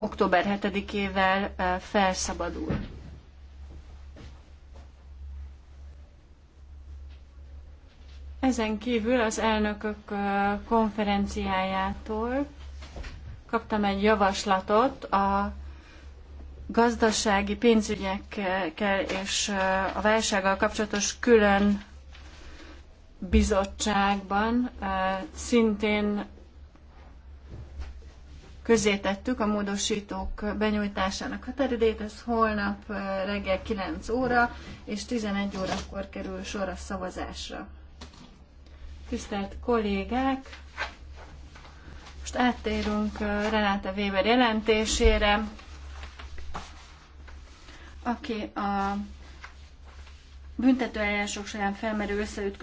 október 7-ével felszabadul. Ezen kívül az elnökök konferenciájától kaptam egy javaslatot a gazdasági pénzügyekkel és a válsággal kapcsolatos külön bizottságban szintén közzétettük a módosítók benyújtásának határidét, ez holnap reggel 9 óra, és 11 órakor kerül sor a szavazásra. Tisztelt kollégák! Most áttérünk Renáta Weber jelentésére, aki a büntetőeljárások során felmerő összeütközések